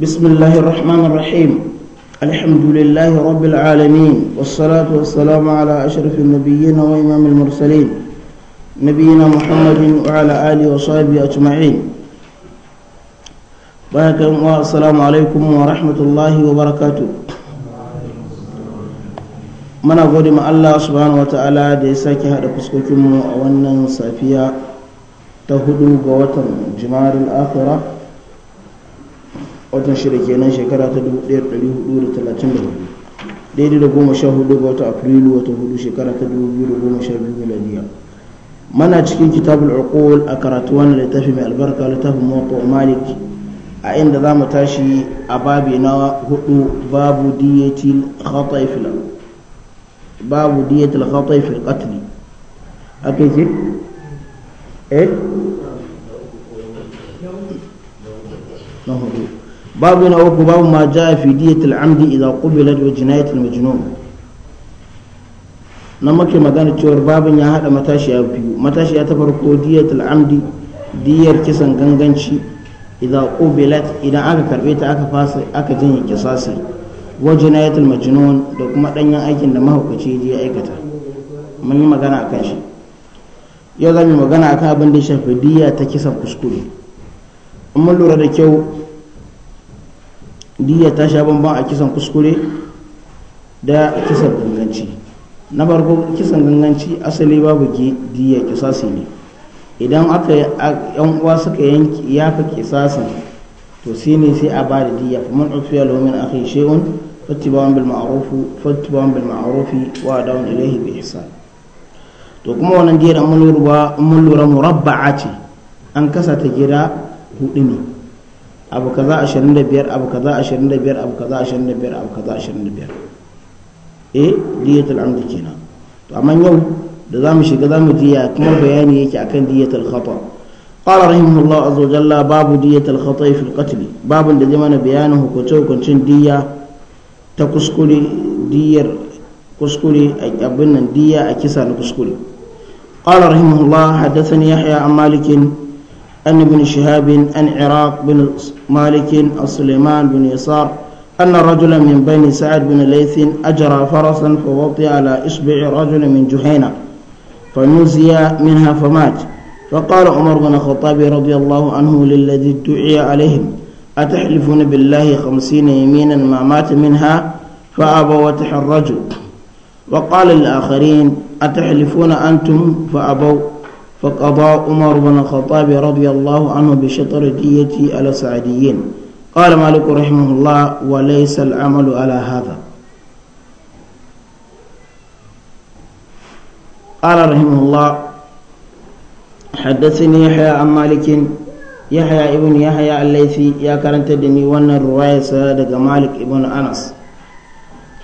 بسم الله الرحمن الرحيم الحمد لله رب العالمين والصلاة والسلام على أشرف النبيين وإمام المرسلين نبينا محمد وعلى آله وصحبه أجمعين باركم والسلام عليكم ورحمة الله وبركاته من أقول ما الله سبحانه وتعالى دي ساكي هذا فسكوكم أولا سافيا تهدو قوة جمال الآخرة watan shida kenan shekara ta 1434 daidai da goma sha hudu ga wata afrilu wata hudu shekara ta 2012 miladiya mana cikin kitabul uqul a karatu wani littafi mai albarka littafin mawata malik a inda za mu tashi a babi na hudu babu diyatil khatai fil babu diyatil khatai fil ake ce eh na hudu babu na uku babu ma ja fi diyatul amdi idza qubilat wa jinayatul majnun nan muke magana cewar babin ya hada matashi matashiya biyu matashiya ta farko diyatul amdi diyar kisan ganganci idza qubilat idan aka karbe ta aka fasa aka janye kisasi wa jinayatul majnun da kuma danyen aikin da mahaukaci ya aikata mun yi magana akan shi yau za mu magana a kan abin da ya shafi diya ta kisan kuskure mun lura da kyau diya ta sha bamban a kisan kuskure da kisan ganganci na farko kisan ganganci asali babu diya kisasi ne idan aka yan uwa suka yanki yafa kisasin to sai ne sai a ba da diya kuma ufiya lomin akhi shay'un fattibawan bil ma'ruf fattibawan bil ma'ruf wa da'un ilayhi bi ihsan to kuma wannan diyar an mun lura murabbaa ce an kasa ta gida hudu ne abu kaza 25 abu kaza 25 abu kaza 25 abu kaza 25 eh diyatul amd kenan to amma yau da zamu shiga zamu ji ya kuma bayani yake akan diyatul khata qala rahimahullah azza wa jalla babu diyatul khata fi al-qatl babun da zamana bayanin hukunce hukuncin diya ta kuskure diyar kuskure a abin nan diya a kisa na kuskure qala rahimahullah hadathani yahya an malikin أن ابن شهاب أن عراق بن مالك السليمان بن يسار أن رجلا من بني سعد بن ليث أجرى فرسا فوطئ على إصبع رجل من جهينة فنزي منها فمات فقال عمر بن الخطاب رضي الله عنه للذي ادعي عليهم أتحلفون بالله خمسين يمينا ما مات منها فأبى وتحرجوا وقال للآخرين أتحلفون أنتم فأبوا فقضى عمر بن الخطاب رضي الله عنه بشطر الدية على السعديين قال مالك رحمه الله وليس العمل على هذا قال رحمه الله حدثني يحيى عن مالك يحيى ابن يحيى الليثي يا كرنت دني وانا الرواية سادة مالك ابن أنس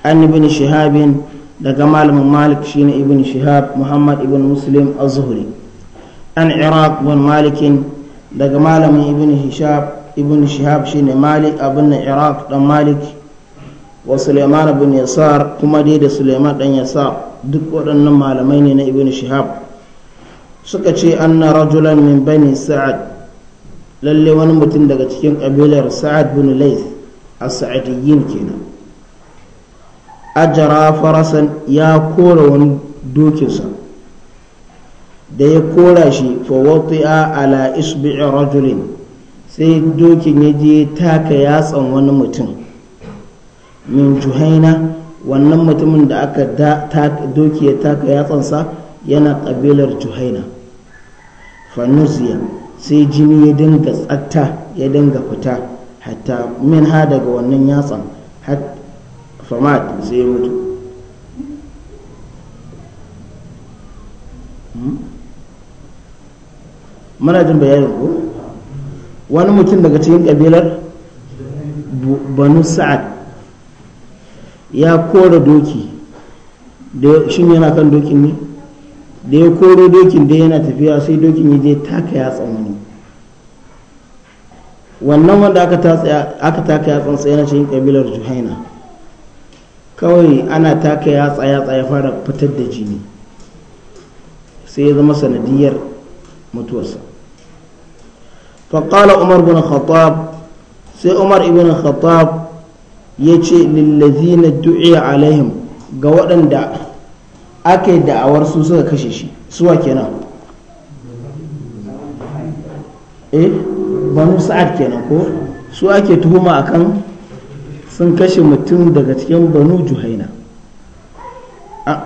أن ابن شهاب دقى مالك شين ابن شهاب محمد ابن مسلم الزهري an iraq bin malikin daga malamin ibn hishab ibn shihab shine malik abin iraq dan malik wa suleiman bin yasar kuma dai da suleiman dan yasar duk waɗannan malamai ne na ibn shihab suka ce anna rajulan min bani sa'ad lalle wani mutum daga cikin kabilar sa'ad bin laith as-sa'adiyyin kenan ajara farasan ya kore wani dokinsa da ya kora shi fawati'a ala isbi'i rajulin sai dokin ya je taka yatsan wani mutum min juhaina wannan mutumin da aka doki ya taka yatsansa yana ƙabilar juhaina fanusiya sai jini ya dinga tsatta ya dinga fita hatta min ha daga wannan yatsan famat sai mutu hmm? mana jin bayanin ko wani mutum daga cikin kabilar banu sa'ad ya kora doki da yana kan dokin ne da ya koro dokin da yana tafiya sai dokin ya je taka ya wani wannan wanda aka taka yatsa sai yana cikin kabilar juhaina kawai ana taka yatsa yatsa ya fara fitar da jini sai ya zama sanadiyar mutuwarsa فقال عمر بن الخطاب سي عمر بن الخطاب يجي للذين دعي عليهم قوأن دع أكي دعوار سوسة كشيشي سوى كنا إيه بنو سعد كنا كو سوى كي تهما أكن sun kashe mutum daga cikin banu juhaina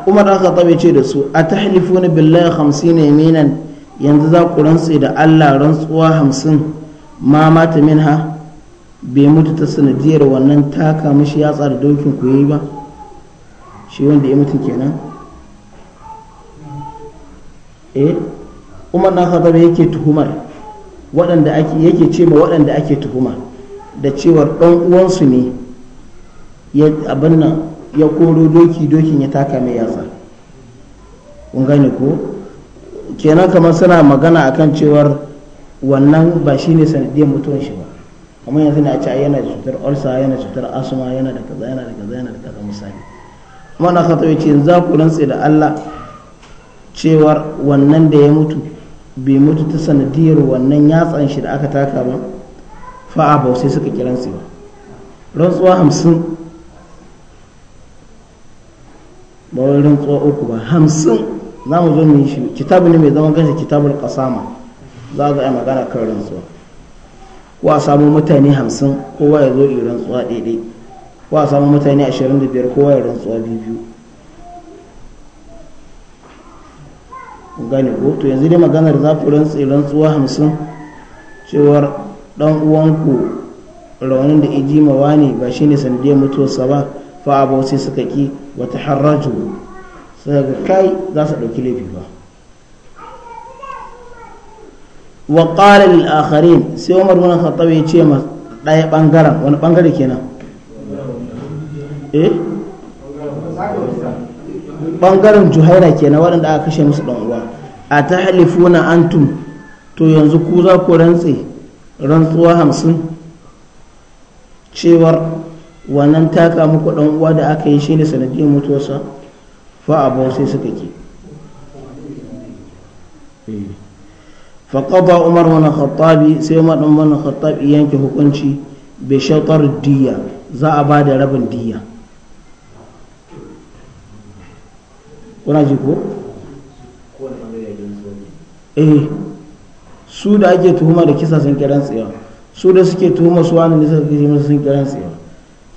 umar aka tabe ce da su a tahlifu na billahi hamsin yaminan yanzu za ku rantse da Allah rantsuwa hamsin ma mata min ha bai mutu ta sanadiyar wannan taka mishi ya tsara dokin ku yi ba shi wanda ya mutu kenan eh umar na khattab yake tuhumar waɗanda ake yake ce ma waɗanda ake tuhuma da cewar ɗan uwansu ne ya abin nan ya koro doki dokin ya taka mai yatsa kun gane ko kenan kamar suna magana akan cewar wannan ba shi ne sanadiyar mutuwan shi ba kamar yanzu ne a ce yana da cutar olsa yana da cutar asuma yana da kaza yana da kaza yana da kaza misali kuma na kata yace za ku rantse da Allah cewar wannan da ya mutu bai mutu ta sanadiyar wannan yatsan shi da aka taka ba fa'a ba sai suka ki ba rantsuwa hamsin ba wani rantsuwa uku ba hamsin za mu zo mu yi shi kitabu ne mai gashi kanshi kitabul kasama za a yi magana kan rantsuwa ko a samu mutane hamsin kowa ya zo irin rantsuwa daidai ko a samu mutane ashirin da biyar kowa ya rantsuwa biyu gane ko to yanzu dai maganar za ku rantsi rantsuwa hamsin cewar dan uwanku raunin da ijima mawa ne ba shine sandiyar mutuwarsa ba fa abu sai suka ki wata harajo sai ga kai za su ɗauki laifi ba wa qala lil sai Umar wani Khattab ya ce ma ɗaya ɓangaren wani ɓangare kenan eh ɓangaren Juhaira kenan waɗanda aka kashe musu ɗan uwa a ta halifuna antum to yanzu ku za ku rantse rantsuwa hamsin cewar wannan taka muku ɗan uwa da aka yi shi shine sanadiyar mutuwarsa fa abu sai suka ki eh. faƙaba umar wani khattabi sai umar wani khattabi yanke hukunci bai shautar diya za a ba da rabin diya kuna ji ko? eh su da ake tuhuma da kisa sun kiran tsayawa su da suke tuhuma su wani da suka sun kiran tsayawa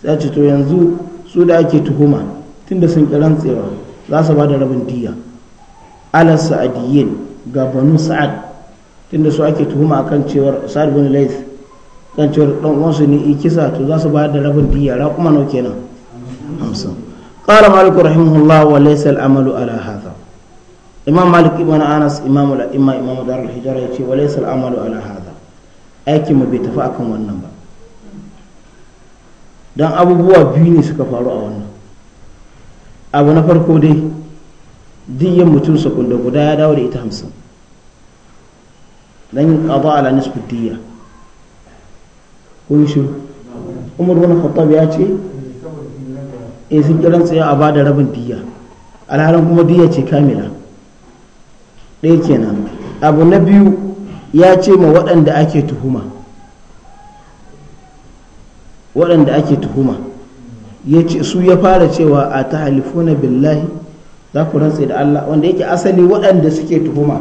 sai ce to yanzu su da ake tuhuma tun da sun kiran tsayawa za su ba da rabin diya ala sa'adiyin ga banu sa'ad tunda su ake tuhuma akan cewar sa'ad bin laith kan cewar dan uwansu ne i kisa to za su ba da rabin diya ra kuma nau kenan amsa qala malik rahimahullah wa laysa al-amalu ala hadha imam malik ibn anas imam al-imma imam dar al-hijra yace wa laysa al-amalu ala hadha aiki mu bai tafi akan wannan ba dan abubuwa biyu ne suka faru a wannan abu na farko dai yin mutum sakunda guda ya dawo da ita hamsin don yin ƙaba ala nisfu diya kun shi umar wani khattab ya ce in eh, sun kiran tsaye a ba da rabin diya alhalin kuma diya ce kamila ɗaya kenan abu na biyu ya ce ma waɗanda ake tuhuma waɗanda ake tuhuma ya ce su ya fara cewa a ta halifuna billahi za ku rantse da Allah wanda yake asali waɗanda suke tuhuma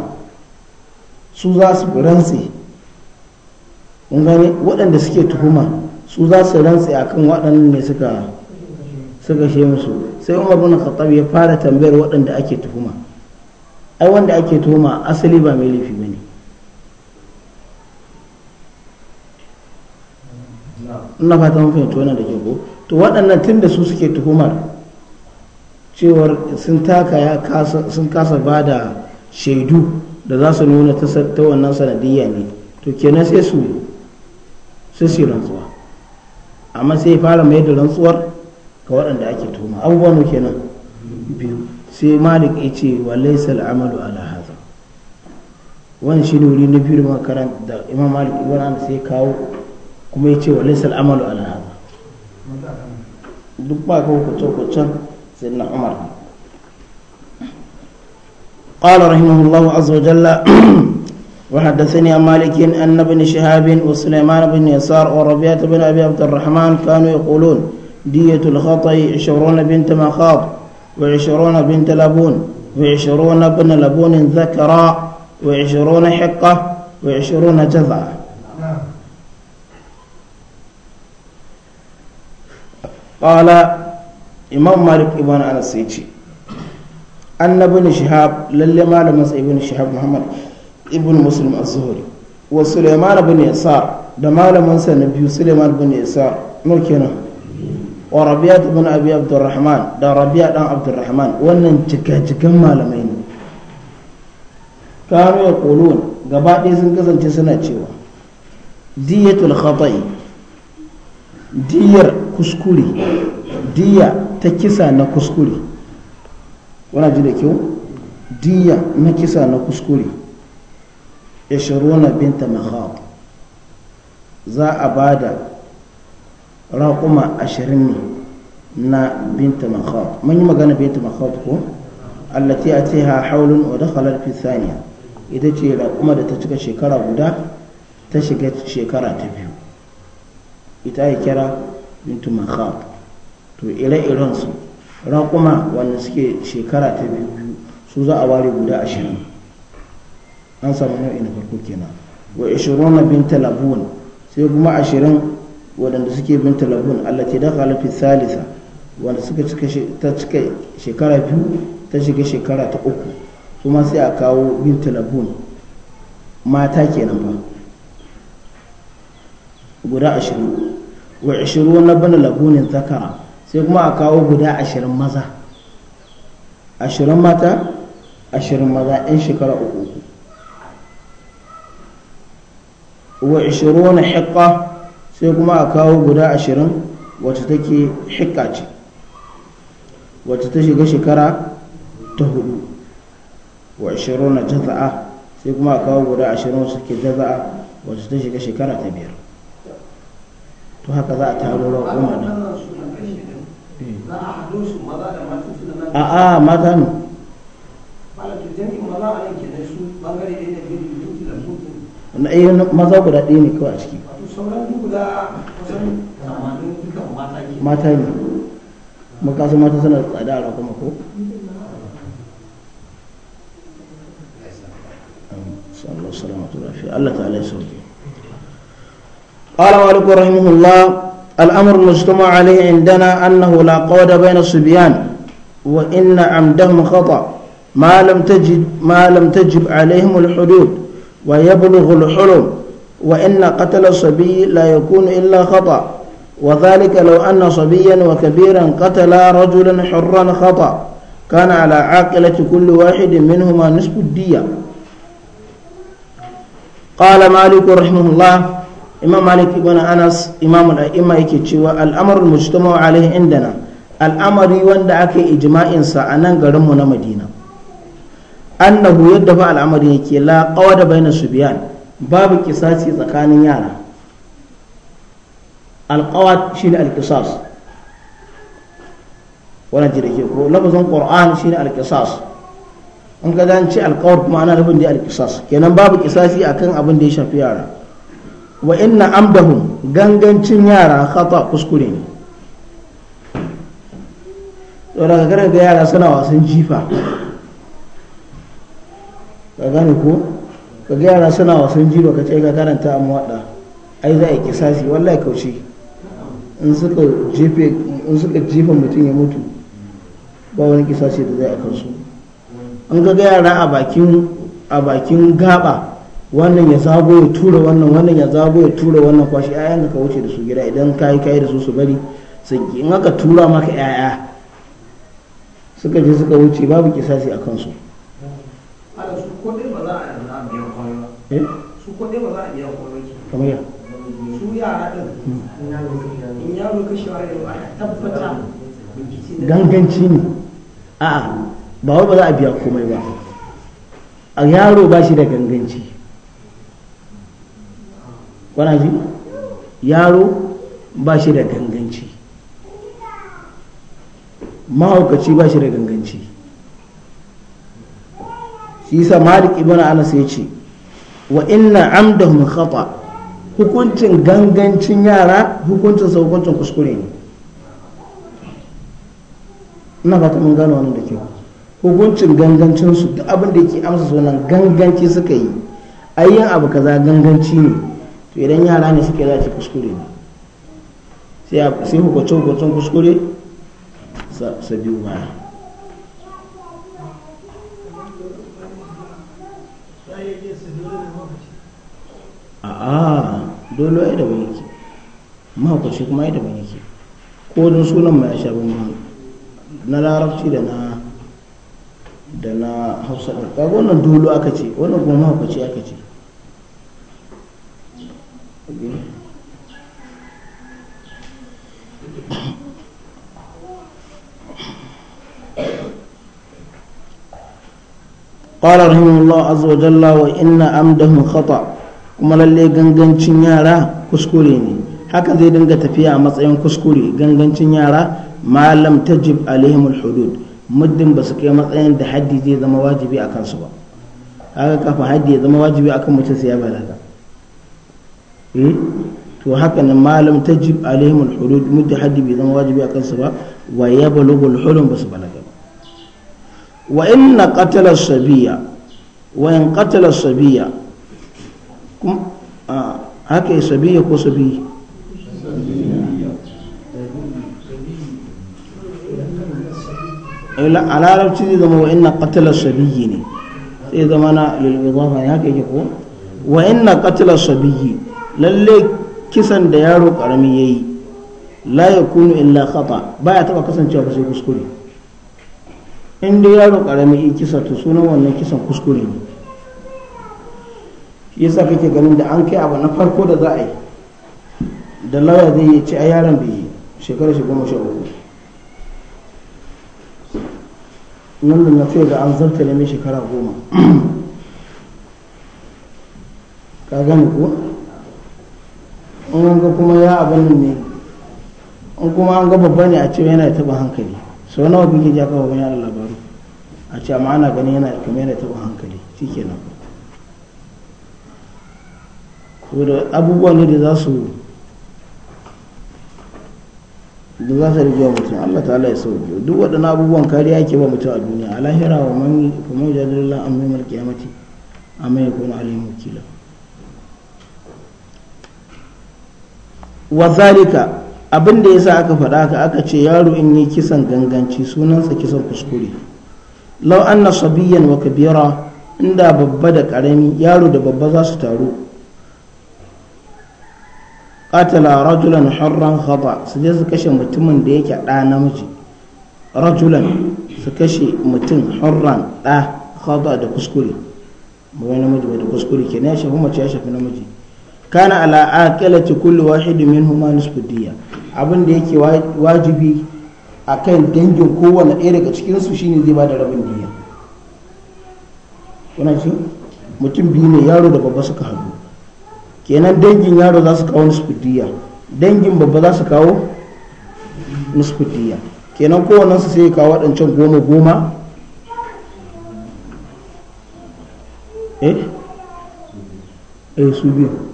su za su rantse gane waɗanda suke tuhuma su za su rantse akan waɗannan ne suka shi she musu sai umar bin khattab ya fara tambayar waɗanda ake tuhuma ai wanda ake tuhuma asali ba mai laifi ne na fata mafi tona da ke ko to waɗannan tun da su suke tuhumar cewar sun taka ya sun kasa ba da shaidu da za su nuna ta wannan sanadiyya ne to kenan sai su sai su rantsuwa amma sai fara mai da rantsuwar ga waɗanda ake tuhuma abubuwan kenan biyu sai malik ya ce wa laisa al'amalu ala haza wani shi ne wuri na biyu da makaranta da imam malik ibn anas sai kawo kuma ya ce wa laisa al'amalu ala haza duk ba ko sayyidina umar قال رحمه الله عز وجل وحدثني عن مالك أن بن شهاب وسليمان بن يسار وربيعة بن أبي عبد الرحمن كانوا يقولون دية الخطأ عشرون بنت مخاض وعشرون بنت لبون وعشرون بن لبون ذكرا وعشرون حقة وعشرون جذعة qala imam malik ibn anas ya ce annabin shihab lalle malamin sa ibn shihab muhammad ibn muslim az-zuhri wa suleiman ibn yasar da malamin sa na biyu suleiman ibn yasar no kenan wa rabi'a ibn abi abdurrahman da rabi'a dan abdurrahman wannan cikakken malamai ne kanu ya qulun gaba ɗaya sun kasance suna cewa diyatul khata'i diyar kuskure diya ta kisa na kuskure wana ji da kyau diya na kisa na kuskure shirona binta mahab za a ba da raƙuma ashirin ne na binta mahab mun yi magana binta mahab ko allati a ce ha haulun wadda halar fisaniya ita ce raƙuma da ta cika shekara guda ta shiga shekara ta biyu ita ya kira bintu makhab to ire-iren su ran kuma wanda suke shekara ta biyu su za a ware guda ashirin an samu nau'i na farko kenan wa na bin labun sai kuma ashirin waɗanda suke binta labun ta da fi salisa wanda suka cika shekara biyu ta shiga shekara ta uku kuma sai a kawo bin labun mata kenan ba guda ashirin wa ishiru na bana labunin zakara sai kuma a kawo guda ashirin maza ashirin mata ashirin maza in shekara uku wa ishiru na hikka sai kuma a kawo guda ashirin wacce take hikka ce wacce ta shiga shekara ta hudu wa ishiru na jaza'a sai kuma a kawo guda ashirin wacce take jaza'a wacce ta shiga shekara ta biyar to haka za a taro raƙuma ne a a mata ne na iya eh, maza guda ɗaya ne kawai a ciki mata ne makasu mata suna da tsada a raƙuma ko Allah ta'ala ya sauke قال مالك رحمه الله الأمر المجتمع عليه عندنا أنه لا قود بين الصبيان وإن عمدهم خطأ ما لم تجد ما لم تجب عليهم الحدود ويبلغ الحلم وإن قتل الصبي لا يكون إلا خطأ وذلك لو أن صبيا وكبيرا قتلا رجلا حرا خطأ كان على عاقلة كل واحد منهما نصف الدية قال مالك رحمه الله imam malik ibn anas imamu da imma yake cewa al'amarul mujtama'u alaihi indana al'amari wanda aka yi ijma'in sa a nan garinmu na madina annahu yadda fa al'amari yake la qawada baina subyan babu kisasi tsakanin yara alqawad shine alqisas wannan ji da ke ko lafazin qur'an shine alqisas in ka zan ci alqawar kuma ana nufin da alqisas kenan babu kisasi akan abin da ya shafi yara wa inna amdahum gangancin yara khata kuskure ne daga ka ga yara suna wasan jifa ka gane ko ka ga yara suna wasan jifa ka ce ka karanta a mawaɗa ai za a yi kisasi wallahi kauce in suka jefa mutum ya mutu ba wani kisasi da zai a kansu an ga yara a bakin gaba wannan ya zago ya tura wannan wannan ya zago ya tura wannan kwashi ƴaƴan ka wuce da su gida idan kai kai da su su bari sai in aka tura maka 'ya'ya suka je suka wuce babu kisasi a kansu ya in yaro da ganganci ne a'a ba wai ba za a biya komai ba a yaro ba shi da ganganci wani yaro ba shi da ganganci mahaukaci ba shi da ganganci shi yasa malik ibn anas ya ce wa inna amdahum khata hukuncin gangancin yara hukuncin sa hukuncin kuskure ne ina fata mun gano wannan da kyau hukuncin gangancin su duk abin da yake amsa sunan ganganci suka yi ayyan abu kaza ganganci ne to idan yara ne suke za a ce kuskure ne sai hukwacin hukwacin kuskure sa biyu ba a a dole ya daban ke mahaukaci kuma ya da yake ko don sunan mai abin ban na larabci da na da na hausa ɗin kaga wannan dolo aka ce wannan kuma mahaukaci aka ce قال رحمه الله عز وجل وإن أمده خطأ kuma lalle gangancin yara kuskure ne haka zai dinga tafiya a matsayin kuskure gangancin yara malam tajib alaihimul hudud muddin ba su kai matsayin da haddi zai zama wajibi a kansu ba haka kafa haddi zama wajibi akan mutum sai ya balaga Eh? to haka nan malam jib alaihim alhudud mudda haddi bai zama wajibi a kansa ba wa ya balugu alhudun ba su balaga ba wa inna qatala sabiya wa in qatala sabiya haka sabiya ko sabiya eh, zama wa inna qatala sabiyi ne sai zama na ya haka ko wa inna qatala lalle kisan da yaro karami yi la kunu illa khata ya taba kasancewa ba sai kuskure in dai yaro karami yi kisa to sunan wannan kisan kuskure ne yasa kake ganin da an kai abu na farko da za a yi da lawa zai yi ci a yaron bai shekarar shi goma sha uku nan da na fiye da an zartare mai shekara goma ka gane ko in an ga kuma ya abin nan ne in kuma an ga babba ne a ce yana taba hankali sau nawa kuke ja kawo wani ala labaru a ce amma ana ganin yana kuma yana taba hankali nan ko da abubuwa ne da za su da za su rige mutum Allah ta'ala ya biyu duk waɗannan abubuwan kariya ke ba mutum a duniya alahira lahira wa man kuma mulki ya mace amma yakunu alayhi wakila wa zalika abin da sa aka faɗa ka aka ce yaro in yi kisan ganganci sunansa kisan kuskure law anna sabiyan wa kabira inda babba da karami yaro da babba za su taru katala rajulan harran haɗa su je su kashe mutumin da yake ɗa namiji rajulan su kashe mutum harran ɗa haɗa da kuskure ba wani namiji ba da kuskure kenan ya shafi mace ya shafi namiji kana ala aqilati kullu wahid minhuma nisfu diya abin da yake wajibi akan dangin kowane ɗaya daga cikin su shine zai bada rabin diya kuna ji mutum biyu ne yaro da babba suka haɗu kenan dangin yaro za su kawo nisfu diya dangin babba za su kawo nisfu diya kenan kowannen su sai kawo waɗancan goma goma eh eh su biyu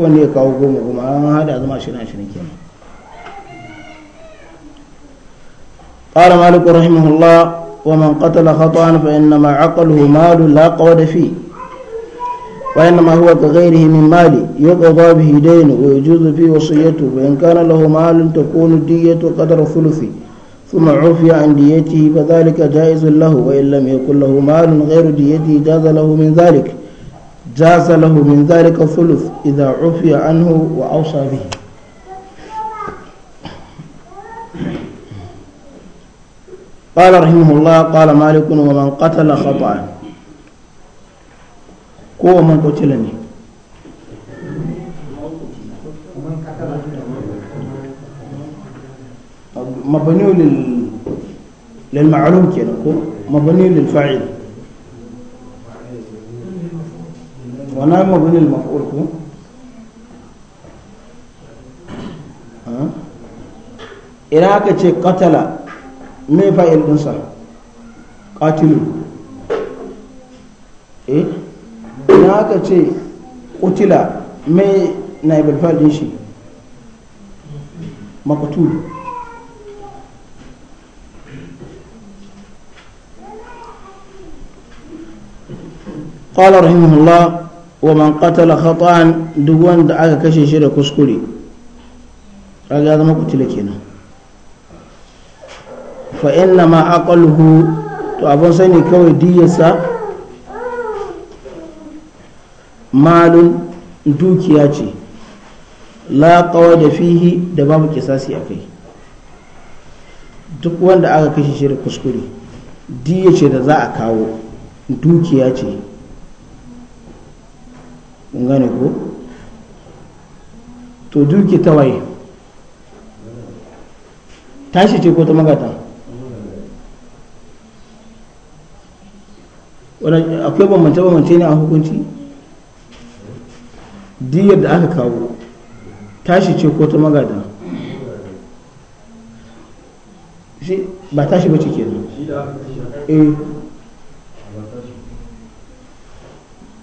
kowanne ya kawo goma goma an hada zama ashirin ashirin kenan قال مالك رحمه الله ومن قتل خطأ فإنما عقله مال لا قود فيه وإنما هو كغيره من مال يقضى به دين ويجوز فيه وصيته وإن كان له مال تكون الدية قدر ثلثي ثم عفي عن ديته فذلك جائز له وإن لم يكن له مال غير ديته جاز له من ذلك جاز له من ذلك الثلث إذا عفي عنه وأوصى به قال رحمه الله قال مالك ومن قتل خطأ كو من قتلني مبني لل... للمعلوم كده مبني للفاعل wana mabnil maf'ul ku idan aka ce katala me fa'il dinsa qatilu eh idan aka ce kutila me naibul fa'il din shi maqtul قال رحمه الله wa man qatala khata'an duk wanda aka kashe shi da kuskure kaga zama tile kenan fa inna ma aqaluhu to abun sani kawai diyarsa malun dukiya ce la kawai da fihi da babu kisasi akai duk wanda aka kashe shi da kuskure diyace ce da za a kawo dukiya ce kun gane ko to duki ta waye tashi ce ko ta magata akwai bambance bambance ne a hukunci diyar da aka kawo tashi ce ko ta magata ba tashi ba ce kenan eh.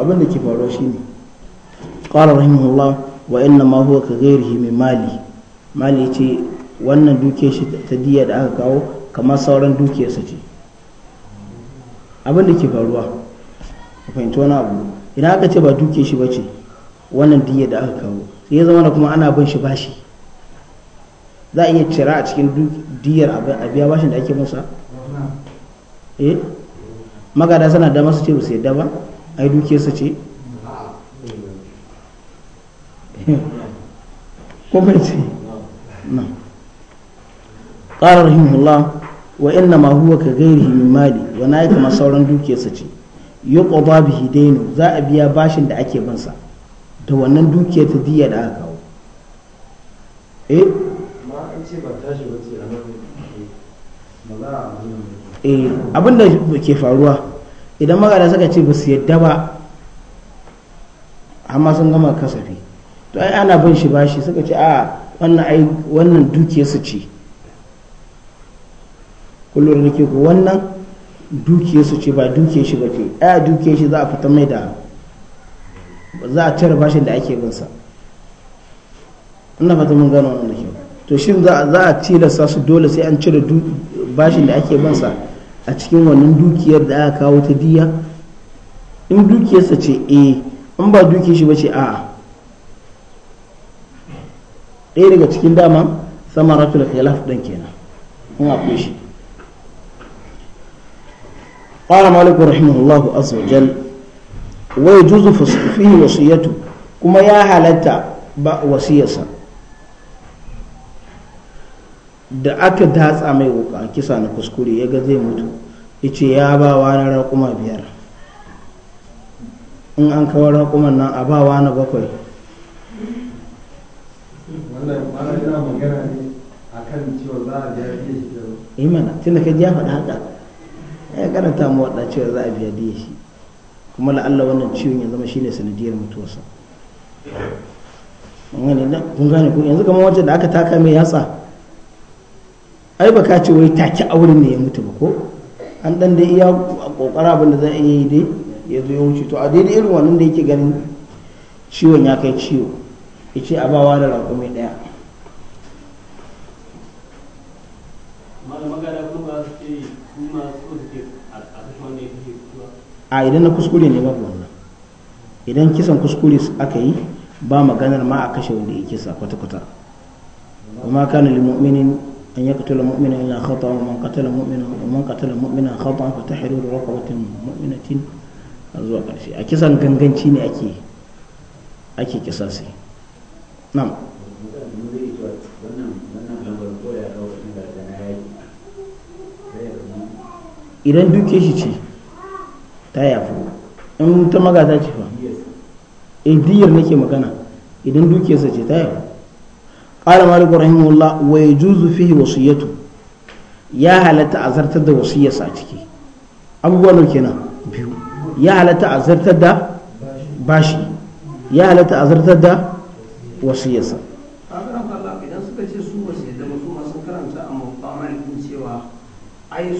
abin da ke faruwa shine ƙwarar rahimahullah wa inna ma huwa ka ghairihi mai mali mali ce wannan dukiyar shi ta diya da aka kawo kamar sauran dukiyarsa ce abin da ke faruwa a fahimci wani abu idan aka ce ba dukiyar shi bace wannan diya da aka kawo sai ya zama kuma ana bin shi bashi za a iya cira a cikin diyar a biya bashin da ake masa eh magada sana da masu ce ba su yadda ba ai dukiyarsa ce kuma ce na ƙarar rahimullah wa inna ma huwa ka gairi min mali wa na kama sauran dukiyarsa ce ya ƙoba bihi dainu za a biya bashin da ake bansa da wannan dukiyar ta diya da aka kawo eh abinda eh, ke faruwa idan magana suka ce ba su yadda ba amma sun gama kasafi to ai ana bin shi bashi suka ce a wannan ai wannan dukiyar su ce kullum da ke ku wannan dukiyar su ce ba dukiyar shi ba ce a dukiyar shi za a fita mai da za a cire bashin da ake binsa ina fata mun gano wannan da to shin za a tilasta su dole sai an cire bashin da ake binsa a cikin wannan dukiyar da aka kawo ta diya in dukiyarsa ce a eh. in ba dukiyar shi ba ce a'a ɗaya daga cikin dama samaratul khilaf ɗan kenan in akwai shi قال مالك رحمه الله عز وجل ويجوز فيه kuma ya halatta ba wasiyarsa da aka datsa mai wuka kisa na kuskure ya ga zai mutu yace ya ba wa na raƙuma biyar in an kawo raƙuman nan a ba wa na bakwai imana tun da eh ka ji ya faɗa haka ya karanta mu waɗa cewa za a biya diya shi kuma la'alla wannan ciwon ya zama shine sanadiyar mutuwarsa kun gane ko yanzu kamar wacce da aka taka mai yatsa ai ba ka ce wai take auren ne ya mutu ba ko an dan da iya kokara abin da zai iya yi dai ya zo ya wuce to a daidai irin wannan da yake ganin ciwon ya kai ciwo ya ce a bawa da raƙumi ɗaya a idan na kuskure ne ba wannan idan kisan kuskure aka yi ba maganar ma a kashe wanda ya kisa kwata-kwata kuma kana lil أن يقتل مؤمنا إلا خطأ ومن قتل مؤمنا ومن قتل مؤمنا خطأ فتحرير رقبة مؤمنة zuwa ƙarshe a نقنقن ganganci أكي أكي كساسي نعم idan duke shi ce ta yafi in ta magata ce fa idiyar nake magana idan duke sa ce ta yafi qala malik rahimahullah wa yajuzu fihi wasiyatu ya halatta a zartar da wasiyarsa a ciki abubuwa nau kenan biyu ya halatta a zartar da bashi ya halatta a zartar da idan suka ce su su karanta cewa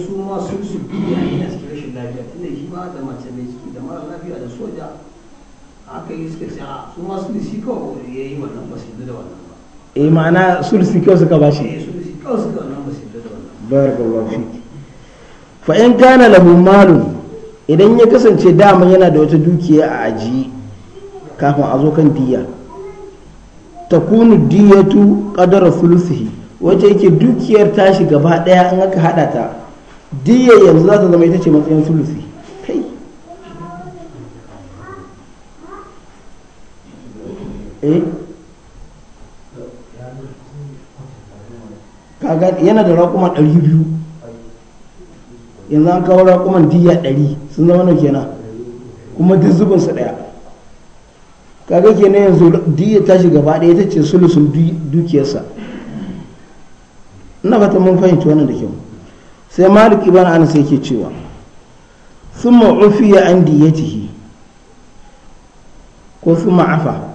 su ma su su biya ne a cikin rashin lafiya tunda shi ba da mace mai ciki da mara lafiya da soja aka yi suka ce a su ma su ne shi kawai ya yi wannan wasu da wannan imana eh, ma'ana sulusi kyau suka ba shi eh, fa’in idan ya kasance dama yana da wata dukiya a aji kafin a zo kan diya takunu diyatu kadara sulusi wace yake dukiyar tashi gaba daya an aka hada ta diya yanzu za ta zama ita ce matsayin sulusi eh kaga yana da raƙuma ɗari biyu yanzu an kawo raƙuman diya ɗari sun zama na kenan kuma duk su ɗaya kaga kenan yanzu diya ta shiga gaba ɗaya ta ce sulusun dukiyarsa ina fata mun fahimci wannan da kyau sai malik ibn anas yake cewa thumma ufiya an diyatihi ko thumma afa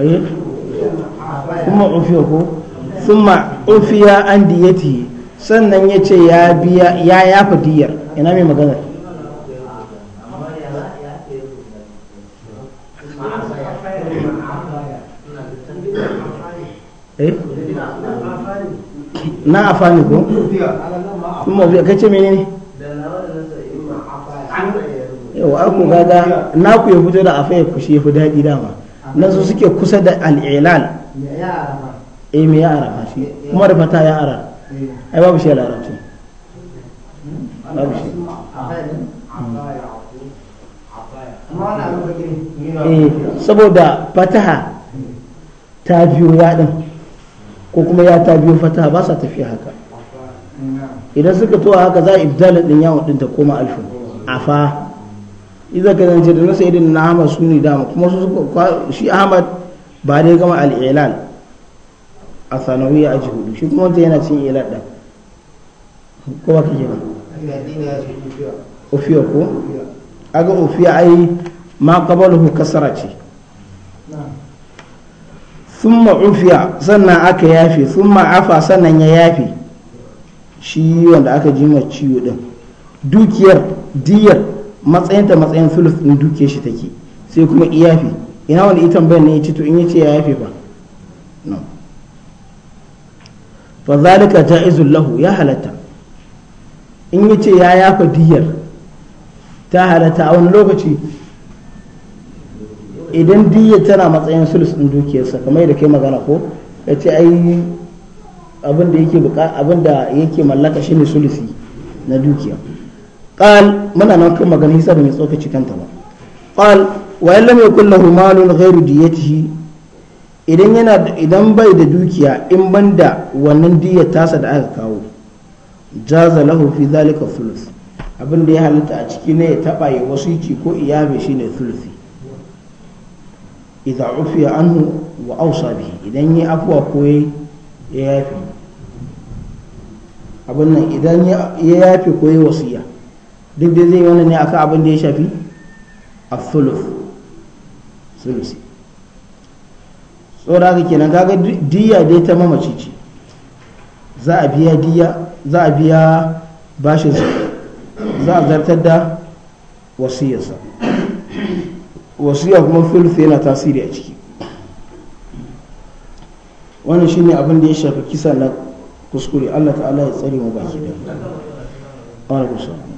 eh kuma ofiya ko kuma ofiya an diyati sannan ya ce ya biya ya yafa diyar ina mai magana eh na afani ko kuma ufiya kace menene yau aku gaga ku ya fito da afai ku shi ya fi daɗi dama nan su suke kusa da al'ilal eh me ya arafa shi kuma da fata ya ara eh. ai babu shi a larabci babu shi eh saboda fataha ta biyo yaɗin ko kuma ya ta biyo fataha ba sa tafiya haka idan suka towa haka za a ibdalin ɗin yawon ɗin ta koma alfin afa iza ka zance da nasa irin na hama su ne dama kuma shi ahmad ba dai gama al'ilal a sanawiya a jihudu shi kuma wanda yana cin ilal da ko ba ka ke ba ofiya ko aga ofiya ai ma kabalu kasarati ce sun sannan aka yafe sun afa sannan ya yafe shi wanda aka ji ciwo ɗin dukiyar diyar matsayin ta matsayin sulus ne duke shi take sai kuma iyafi ina wani itan bayan ne ce to in yace ya yafe ba no fa zalika ta'izul lahu ya halatta in yace ya yafa diyar ta halatta a wani lokaci idan diyar tana matsayin sulus din dukiyarsa kamar da kai magana ko ya ce ai abin da yake mallaka shine sulusi na dukiya qal muna nan kuma ganin hisa da mai tsokaci kanta ba qal wa illam yakul lahu malun ghairu diyatihi idan yana idan bai da dukiya in ban da wannan diyar tasa da aka kawo jaza lahu fi zalika thuluth abinda ya halitta a ciki ne ya taba ya wasiki ko iyabe shine thuluthi idza ufiya anhu wa awsa bihi idan yi afwa ko ya yafi abin nan idan ya yafi koyi wasiya duk dai zai wannan ne akan abin da ya shafi a thuluth sulusi tsora ga kenan kaga diya dai ta mamaci ce za a biya diya za a biya bashin za a zartar da wasiyarsa wasiya kuma thuluthi yana tasiri a ciki wannan ne abin da ya shafi kisa na kuskure Allah ta'ala ya tsare mu baki da. kusurwa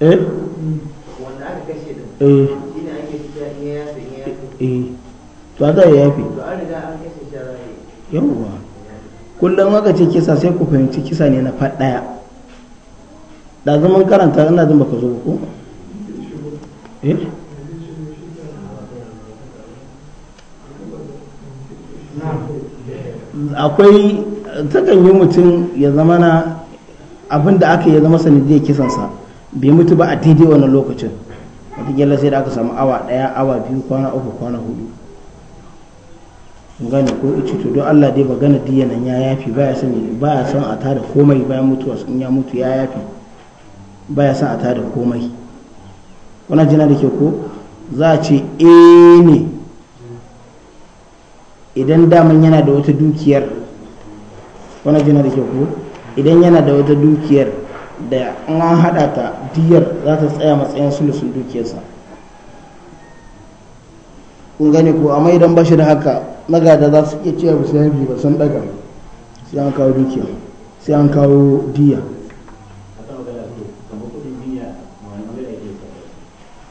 eh wanda aka kashe da eh. ne ake in ya yafe in ya eh. yafe to an ya yafe yawwa kullum ce kisa sai ku fahimci kisa ne na faɗaya da zaman karanta ina jin baka zo ko akwai takan yi mutum ya zama na abin da aka yi zama sanadiyar kisansa bai mutu ba a daidai wani lokacin wataƙila sai da aka samu awa ɗaya awa biyu kwana uku kwana hudu gane ko ice to don allah dai ba gana diya nan ya yafi baya son baya son a tada komai bayan mutuwa in ya mutu ya yafi baya son a tada komai wannan jina da ke ko za a ce eh ne idan daman yana da wata dukiyar wani jina da ke ku idan yana da wata dukiyar da an haɗa ta diyar za ta tsaya matsayin sulusun dukiyarsa kun gane ko amma idan ba shi da haka magada za su iya cewa sai yi ba sun daga sai an kawo dukiya sai an kawo diya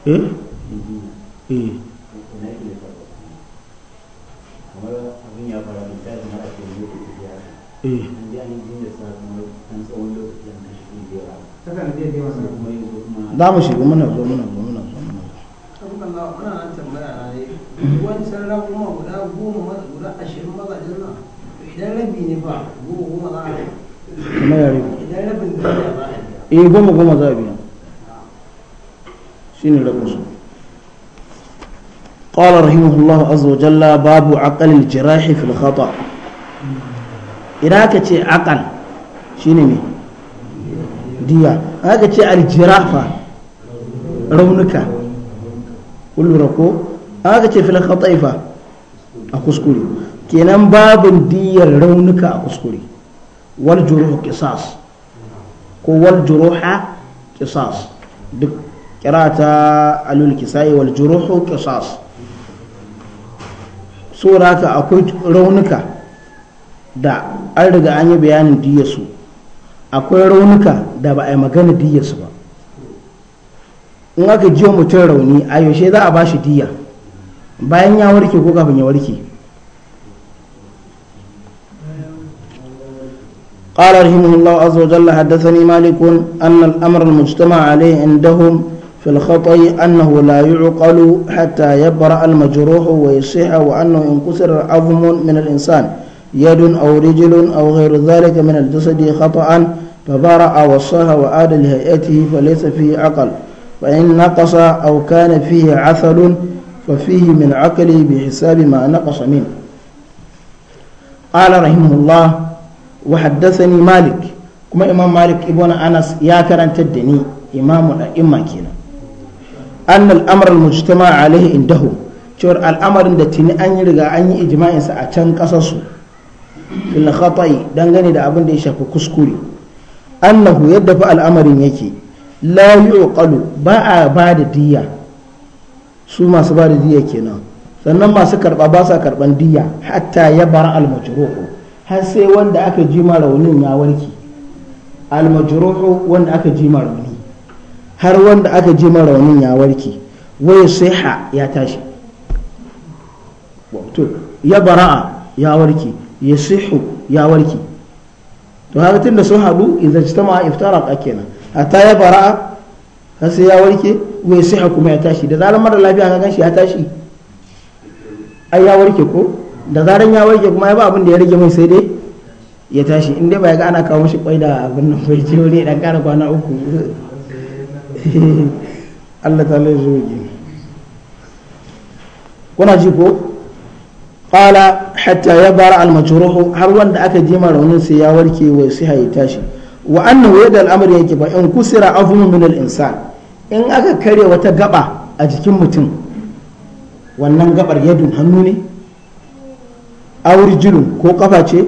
eh eh إيه. إيه، يعني. قال رحمه الله عز وجل باب عقل الجراح في الخطأ idan aka ce akal shine ne diya aka ce aljirafa raunuka kullura ko aka ce filin khata'ifa a kuskure kenan babin diyar raunuka a kuskure wal juruh qisas ko wal juruha qisas duk kirata alul kisai wal juruhu qisas saboda akwai raunuka da an riga an yi bayanin diyarsu akwai raunuka da ba a yi magana diyarsu ba in aka ji wa mutum rauni a yaushe za a ba shi diya bayan ya warke ko kafin ya warke قال رحمه الله عز وجل حدثني مالك أن الأمر المجتمع عليه عندهم في الخطأ أنه لا يعقل حتى يبرأ المجروح ويصيح وأنه ينكسر عظم من الإنسان يد أو رجل أو غير ذلك من الجسد خطأ فبرأ وصاها وعاد لهيئته فليس فيه عقل فإن نقص أو كان فيه عثل ففيه من عقله بحساب ما نقص منه قال رحمه الله وحدثني مالك كما إمام مالك ابن أنس يا كرن تدني إمام الأئمة كنا أن الأمر المجتمع عليه عنده cewar al'amarin da tuni an yi riga an yi ijma'insa a can ƙasarsu fil khata'i dangane da abin da ya shafi kuskure annahu yadda fa al'amarin yake la yuqalu ba a ba da diya su masu ba da diya kenan sannan masu karba ba sa karban diya hatta ya bar al har sai wanda aka ji ma raunin ya warki al wanda aka ji ma rauni har wanda aka ji ma raunin ya warki waya ha ya tashi ya bara'a ya warki. ya sihu ya warki to haka tun da sun haɗu idan ci tama iftara ka kenan a ta ya fara har sai ya warke wa ya siha kuma ya tashi da zaran mara lafiya ka gan shi ya tashi ai ya warke ko da zaran ya warke kuma ya ba abin da ya rage mai sai dai ya tashi inda ba ya ga ana kawo mashi kwai da abin nan bai ce wani dan kara kwana uku Allah ta lai zuwa kuna ji ko qala hatta ya bara almajruh har wanda aka jima raunin sai ya warke wa sai ya tashi wa annahu yadda al'amari yake ba in kusira afun min al-insan in aka kare wata gaba a jikin mutum wannan gabar yadun hannu ne aurijilun ko kafa ce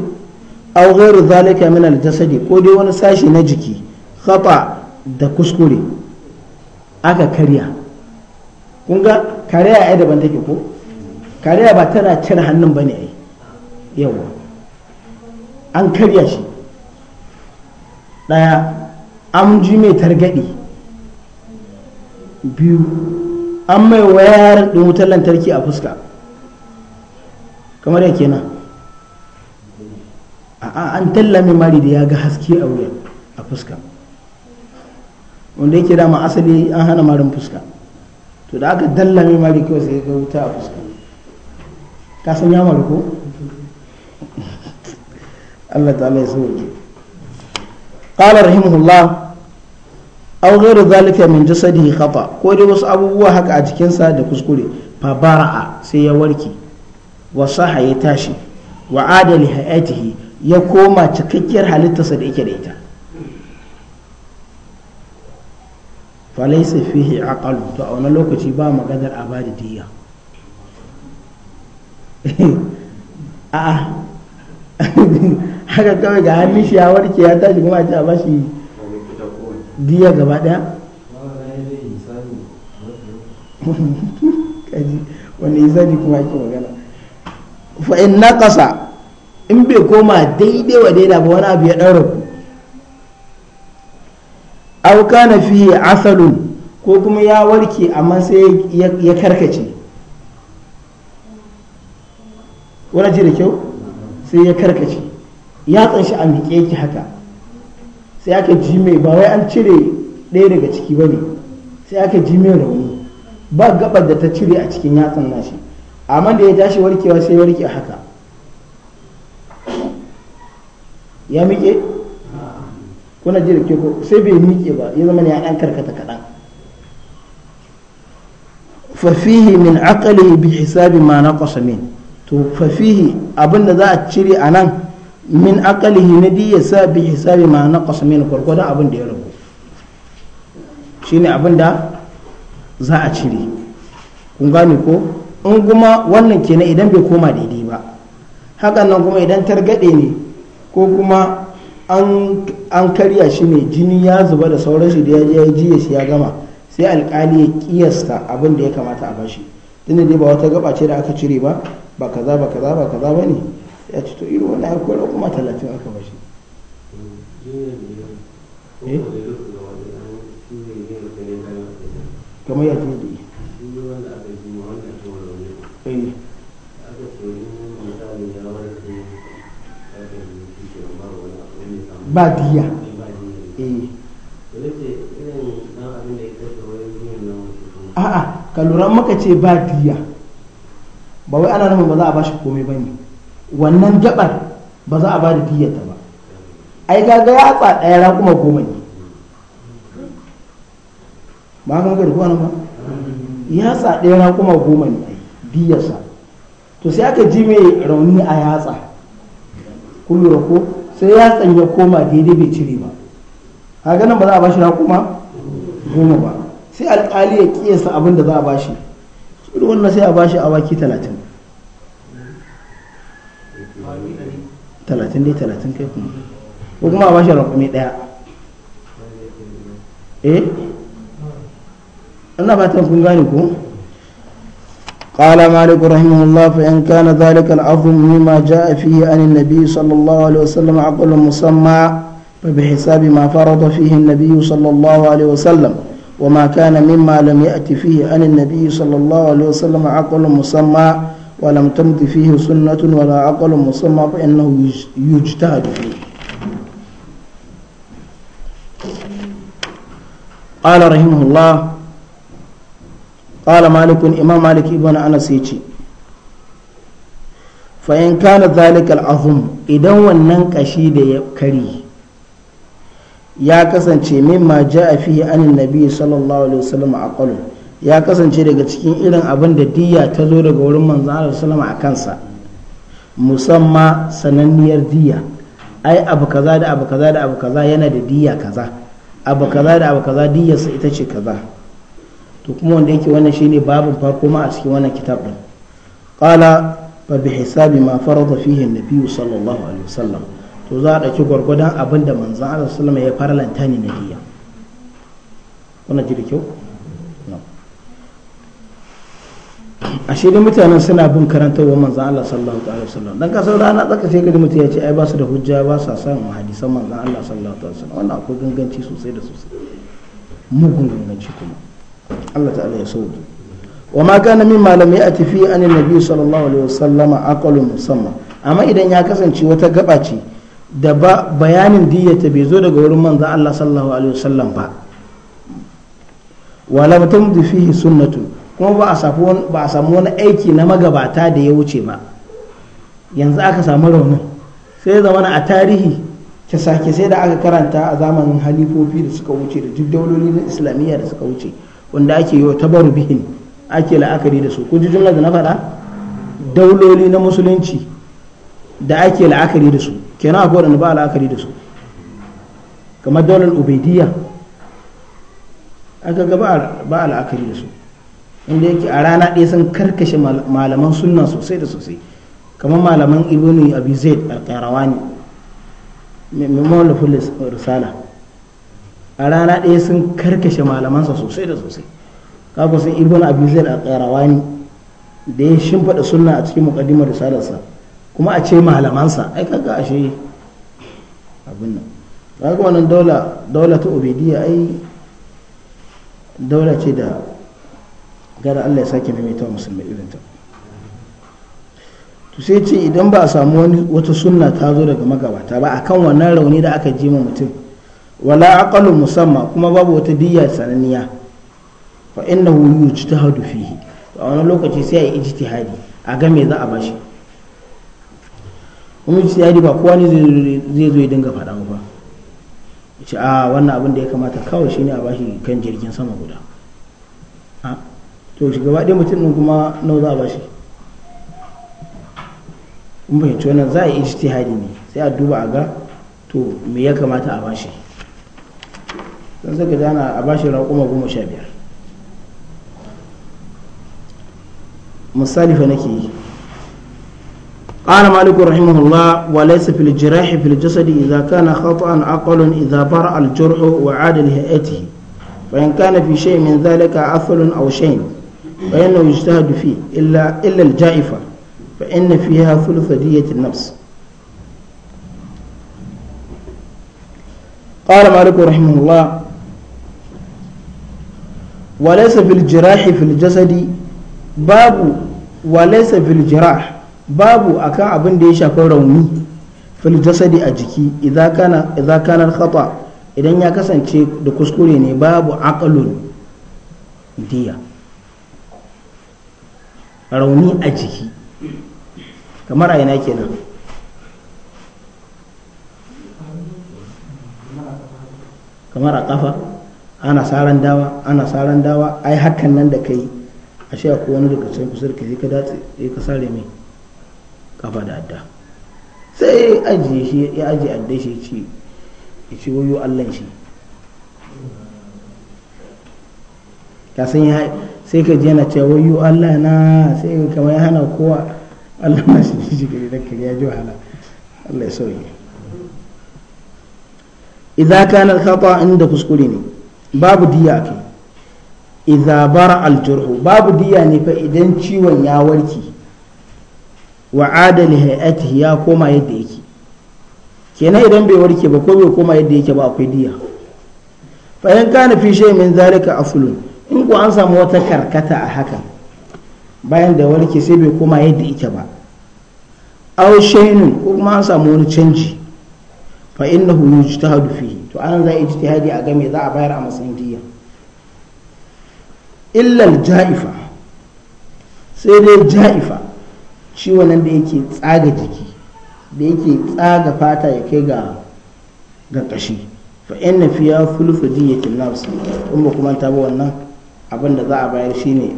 aw ghairu zalika min al-jasadi ko dai wani sashi na jiki khata da kuskure aka karya kun ga kariya ai daban take ko kariya ba tana cire hannun ba ne Yau yawa an karya shi ɗaya an ji mai targaɗi biyu an mai wayar ɗin wutar lantarki a fuska kamar yake nan a'a an tallame mari da ya ga haske a wuya a fuska wanda yake dama asali an hana marin fuska to da aka dallame mari kawai sai ga wuta a fuska ka san ya ko Allah ta'ala ya sauke qala rahimahullah aw ghairu zalika min jasadihi khata ko dai wasu abubuwa haka a sa da kuskure fa bara'a sai ya warke wa saha ya tashi wa adali hayatihi ya koma cikakkiyar halittarsa da yake da ita falaisa fihi aqalu to a wani lokaci ba maganar abadi diya haka kawai ga hannun shi ya warke ya tashi kuma a ba a bashi diya gaba daya kaji wani izani kuma ake magana fa in na kasa in bai koma daidai wa daida ba wani abu ya ɗaura ku auka na fiye asalun ko kuma ya warke amma sai ya karkace wani ji da kyau sai ya karkace ya tsanshi a miƙe yake haka sai aka ji mai ba wai an cire ɗaya daga ciki ba ne sai aka ji mai rauni ba gabar da ta cire a cikin yatsan nashi amma da ya tashi warkewa sai warke haka ya miƙe kuna ji da ko sai bai miƙe ba ya zama ya ɗan karkata kaɗan fafihi min aqalihi bi hisabi ma naqasa min to fafihi abin da za a cire a nan min akalihi na diya sa bi hisabi ma na kwasamin gwargwadon abin da ya rabu ne abin da za a cire kun gane ko in kuma wannan kenan idan bai koma daidai ba hakan nan kuma idan targaɗe ne ko kuma an karya shi ne jini ya zuba da sauran shi da ya ji ya gama sai alkali ya kiyasta abin da ya kamata a bashi tunda dai ba wata gaba ce da aka cire ba ba kaza ba kaza ba kaza ba ne ya ci to irin wannan harkar kuma talatin aka ba shi eh? kamar ya ce ba diya eh. a'a ka lura maka ce ba diya ba wai ana nufin ba za a bashi komai ba ne wannan gabar ba za a ba da diyyata ba ai gaga ya tsa ɗaya kuma goma ne ba ga ga nan ba ya tsa ɗaya kuma goma ne diyyarsa to sai aka ji mai rauni a yatsa kun lura ko sai yatsan ya koma daidai bai cire ba haka nan ba za a bashi kuma goma ba sai alƙali ya kiyasa abin da za a bashi duk sai a bashi awaki talatin dai talatin kai kuma ko kuma a bashi rakumi ɗaya eh kun gane ko قال مالك رحمه الله فإن كان ذلك العظم مما جاء فيه عن النبي صلى الله عليه وسلم عقل مسمى فبحساب ما فرض فيه النبي صلى الله عليه وسلم وما كان مما لم يأت فيه عن النبي صلى الله عليه وسلم عقل مسمى ولم تمض فيه سنة ولا عقل مسمى فإنه يجتهد فيه قال رحمه الله قال مالك إمام مالك ابن أنس يجي فإن كان ذلك العظم إذا وننك شيد يكريه ya kasance mimma ja'a fihi anin nabi sallallahu alaihi wasallam aqalu ya kasance daga cikin irin abin da diyya ta zo daga wurin manzon Allah sallallahu a kansa musamman sananniyar diyya. ai abu kaza da abu kaza da abu kaza yana da diyya kaza abu kaza da abu kaza diyarsa ita ce kaza to kuma wanda yake wannan shine babin farko ma a cikin wannan kitab din qala fa bi hisabi ma farada fihi an-nabi sallallahu alaihi wasallam to za a ɗauki gwargwadon abin da manzan Allah sallama ya faralanta ne na diya kuna ji da kyau shi da mutanen suna bin karantarwa manzan Allah sallallahu alaihi wasallam dan kasar rana tsaka sai kaji mutum ya ce ai ba su da hujja ba sa san hadisan manzan Allah sallallahu alaihi wasallam wannan akwai ganganci sosai da sosai mugun ganganci kuma Allah ta'ala ya sauke wa ma kana min malami a tafi an nabi sallallahu alaihi wasallama aqalu musamma amma idan ya kasance wata gaba ce da bayanin diyyata bai zo daga wurin manzan Allah sallallahu alaihi wasallam ba wala mutum da fihi sunnatu kuma ba a samu wani aiki na magabata da ya wuce ba yanzu aka samu rauni sai zama a tarihi sake sai da aka karanta a zamanin halifofi da suka wuce da duk dauloli na islamiyya da suka wuce wanda ake yi wa tabaru bihin ake la'akari da su kujujin da na faɗa dauloli na musulunci da ake la'akari da su kenan akwai waɗanda ba a la'akari da su kamar daular ubaidiyya aka ga ba a la'akari da su inda yake a rana ɗaya sun karkashe malaman sunna sosai da sosai kamar malaman ibnu abi zaid al-qayrawani mai mawallafin risala a rana ɗaya sun karkashe malamansa sosai da sosai kaga sun ibnu abi zaid al-qayrawani da ya shimfiɗa sunna a cikin mukaddimar risalarsa kuma a ce malamansa ai kaga ashe abin nan kaga wannan dola dola ta obediya ai dola ce da gara Allah ya sake maimaita musulmi irin ta to sai ce idan ba a samu wani wata sunna ta zo daga magabata ba akan wannan rauni da aka ma mutum wala aqalu musamma kuma babu wata diyya sananniya fa innahu yujtahadu fihi a wani lokaci sai a yi ijtihadi a ga me za a bashi kuma ijtihadi ba kowa ne zai zo ya dinga faɗa ba ce a wannan abin da ya kamata kawai ne a bashi kan jirgin sama guda a to shi gaba ɗaya mutum ɗin kuma nau za a bashi in fahimci wannan za a yi ijtihadi ne sai a duba a ga to me ya kamata a bashi don saka jana a bashi raƙuma goma sha biyar misali fa nake yi قال مالك رحمه الله وليس في الجراح في الجسد إذا كان خطأ عقل إذا برأ الجرح وعاد لهيئته فإن كان في شيء من ذلك عثل أو شيء فإنه يجتهد فيه إلا, إلا الجائفة فإن فيها ثلث دية النفس قال مالك رحمه الله وليس في الجراح في الجسد باب وليس في الجراح babu akan abin da ya shafi rauni fil jasadi a jiki idan kana khata idan ya kasance da kuskure ne babu aqlun diya rauni a jiki kamar a ina kenan kamar a kafa ana saran dawa ana saran dawa ai hakan nan da kai a shi wani daga cikin kusurka ka ka sare mai kafa da adda sai ajiye shi ya ajiye adda shi ce ya ce wayo allan shi ka san ya sai ka ji yana cewa wayo allah na sai ka kamar ya hana kowa allah na shi shi gari da kare ya ji wahala allah ya sauye idza kana al-khata inda kuskure ne babu diya kai idza bara al babu diya ne fa idan ciwon ya warke wa adali hay'atihi ya koma yadda yake kenan idan bai warke ba ko bai koma yadda yake ba akwai diya fa in kana fi shay min zalika aflun in ko an samu wata karkata a haka bayan da warke sai bai koma yadda yake ba aw shaynun ko kuma an samu wani canji fa innahu yujtahadu fi to an za a ijtihadi a game za a bayar a matsayin diya illa al-ja'ifa sai dai ja'ifa ciwon nan da yake tsaga jiki da yake tsaga fata ya kai ga ga kashi fa inna fiya fulufu diyatin nafs in ba kuma ta wannan abin da za a bayar shine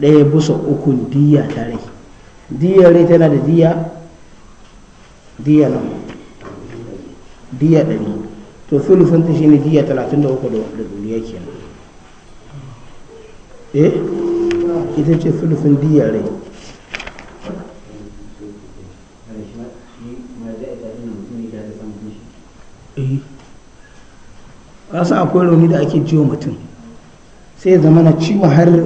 ɗaya busa ukun diya tare, diya rai tana da diya diya nan diya ɗari to fulufin ta shine diya talatin da uku da duniya kenan eh ita ce fulufin diya rai wasu eh. akwai rauni da ake ciwo mutum sai ya zama na ciwo har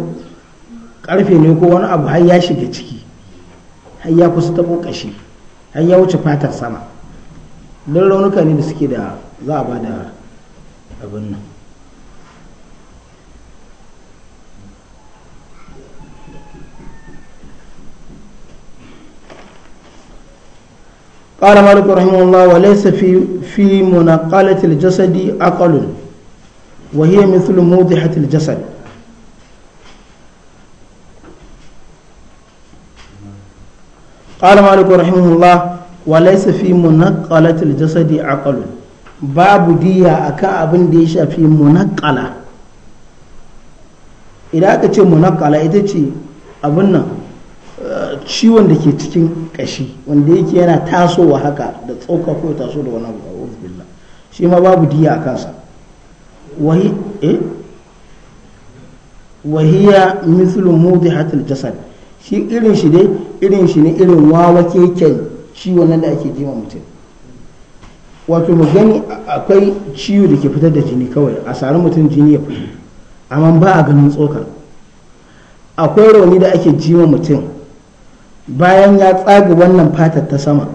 karfe ne ko wani abu har ya shiga ciki har ya kusa taɓo ƙashi har ya wuce fatar sama don raunuka ne da suke da za a ba da abin nan قال مالك رحمه الله وليس في في منقلة الجسد عقل وهي مثل موضحة الجسد قال مالك رحمه الله وليس في منقلة الجسد عقل باب ديا أكا أبن ديشا في منقلة إذا أكتش منقلة إذا أبن ciwon da ke cikin kashi wanda yake yana tasowa haka da tsoka ko taso da wani abu a shi ma babu diya a kansa wahi eh wahiya mithlu mudihatil jasad shi irin shi dai irin shi ne irin wawa keken ciwon nan da ake jima mutum wato mu gani akwai ciwo da ke fitar da jini kawai a sari mutum jini ya fito amma ba a ganin tsoka akwai rauni da ake jima mutum bayan ya tsaga wannan fatar ta sama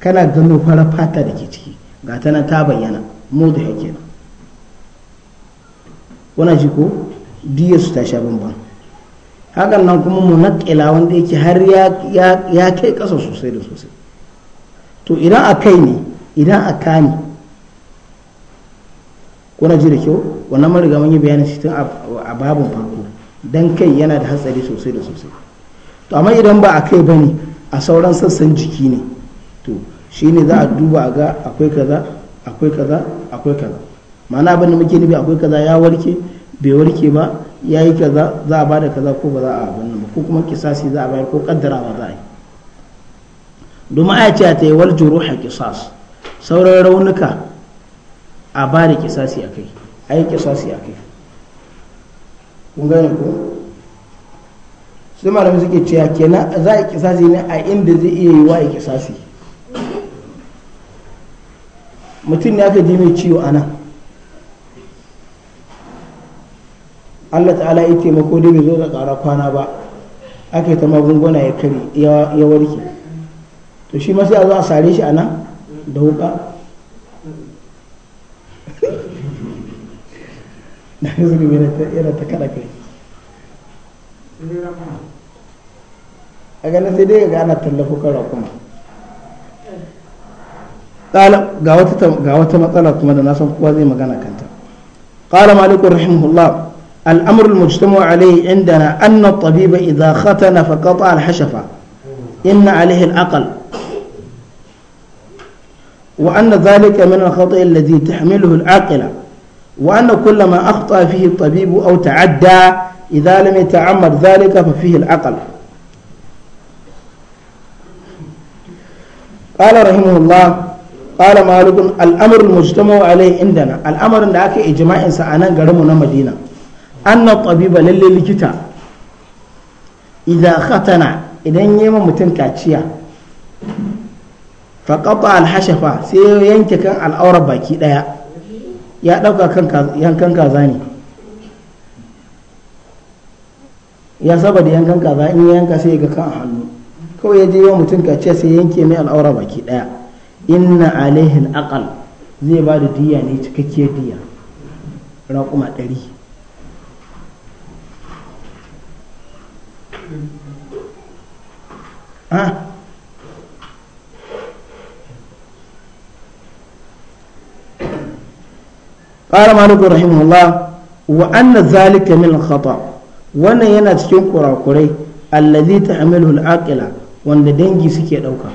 kana gano farar fata da ke ciki ga ta na ta bayyana mu da yake nan wana ji ko diya su ta sha bambam hakan nan kuma mu naƙila wanda yake har ya kai ƙasa sosai da sosai to idan a kai ne idan a ka ne kuna ji da kyau wannan mariga mun yi bayanin shi tun a babin farko dan kai yana da hatsari sosai da sosai to amma idan ba a kai ba ne a sauran sassan jiki ne to shi ne za a duba a ga akwai kaza akwai kaza akwai kaza ma'ana abin da muke nufi akwai kaza ya warke bai warke ba ya yi kaza za a bada kaza ko ba za a abin ba ko kuma kisasi za a bayar ko ba za a yi domin aya ce ta yi wal juruha kisas sauran raunuka a bada kisasi a kai a yi kisasi a kai kun gane ko sai malamai suke cewa kenan za a kisasi ne a inda zai iya yi wa ya kisasi mutum ne aka ji mai ciwo a nan Allah ta'ala ya taimako dai bai zo da ƙara kwana ba aka yi ta magunguna ya kari ya warke to shi ma sai a zo a sare shi a nan da wuka da yanzu yana ta kada kai a ganin sai dai ga ana tallafo kan rakuma ga wata matsala انا da nasan kowa zai magana kanta qala malik rahimahullah الأمر المجتمع عليه عندنا أن الطبيب إذا ختن فقطع الحشفة إن عليه العقل وأن ذلك من الخطأ الذي تحمله العاقلة وأن كل ما أخطأ فيه الطبيب أو تعدى إذا لم يتعمد ذلك ففيه العقل قال رحمه الله قال مالك الأمر inda عليه عندنا الأمر da aka ijma'in sa anan mu na Madina anna tabiba lalle likita idan khatana idan yayi mutum kaciya fa qata al hashafa sai ya yanke kan al'aura baki ɗaya ya dauka kan yankan kaza ne ya saba da yankan kaza in yanka sai ya ga kan hannu kawai ya je yawan mutum kace sai yanke mai al'aura baki daya inna alaihi al'aqal zai ba da diya ne cikakkiyar diya raƙuma ɗari قال مالك رحمه الله وأن ذلك من الخطأ وأن ينات الذي wanda dangi suke ɗauka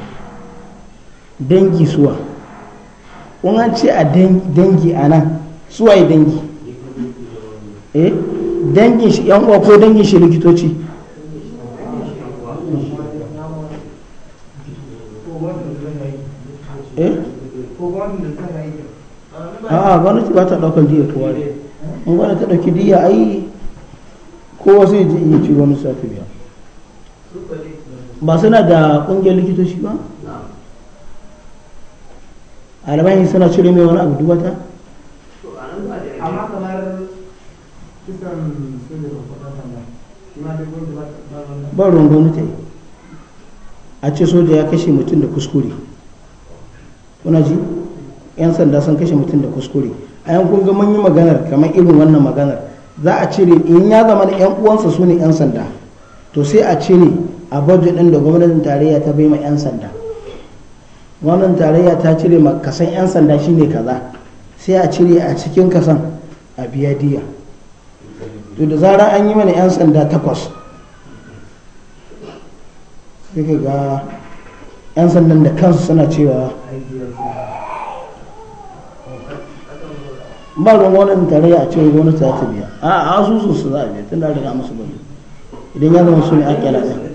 dangi suwa in an ce a dangi a nan suwa yi dangi eh dangin shi yan uwa ko dangin shi likitoci eh a'a gwamnati ba ta ɗaukar diya kowa ne in gwamnati ta ɗauki diya ai kowa sai ji iya ci wani sati biya ba suna da kungiyar likitoci ba a alamai suna cire mai wani abu duwata amma kamar kisan sun ba ruwan a ce soja ya kashe mutum da kuskure kuna ji yan sanda sun kashe mutum da kuskure a yan kunga mun yi maganar kamar irin wannan maganar za a cire in ya zama da yan uwansa su ne yan sanda to sai a cire a budget din da gwamnatin tarayya ta bai ma 'yan sanda wannan tarayya ta cire ma kasan 'yan sanda shine kaza sai a cire a cikin kasan a biya diya to da zarar an yi mana 'yan sanda takwas sai ga 'yan sandan da kansu suna cewa ba ruwan gwamnatin tarayya a cewa gwamnati za ta biya a asusun su za a biya tun da riga musu bane idan yanzu zama su ne a lafiya